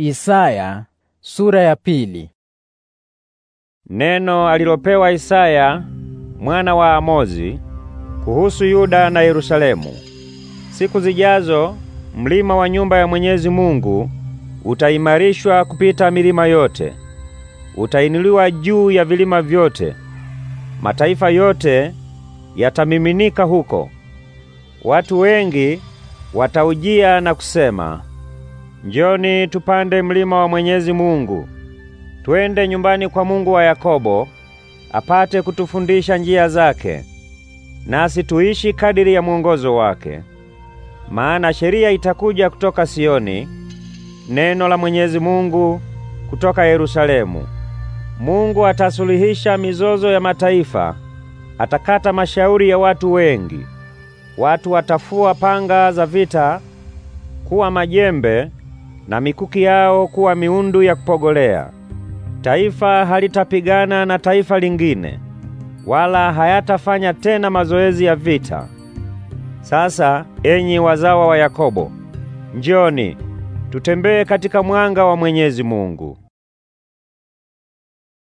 Isaya sura ya pili. Neno alilopewa Isaya mwana wa Amozi kuhusu Yuda na Yerusalemu. Siku zijazo mlima wa nyumba ya Mwenyezi Mungu utaimarishwa kupita milima yote. Utainuliwa juu ya vilima vyote. Mataifa yote yatamiminika huko. Watu wengi wataujia na kusema Njoni tupande mlima wa Mwenyezi Mungu, twende nyumbani kwa Mungu wa Yakobo, apate kutufundisha njia zake, nasi tuishi kadiri ya mwongozo wake. Maana sheria itakuja kutoka Sioni, neno la Mwenyezi Mungu kutoka Yerusalemu. Mungu atasuluhisha mizozo ya mataifa, atakata mashauri ya watu wengi. Watu watafua panga za vita kuwa majembe na mikuki yao kuwa miundu ya kupogolea. Taifa halitapigana na taifa lingine, wala hayatafanya tena mazoezi ya vita. Sasa enyi wazawa wa Yakobo, njoni tutembee katika mwanga wa Mwenyezi Mungu.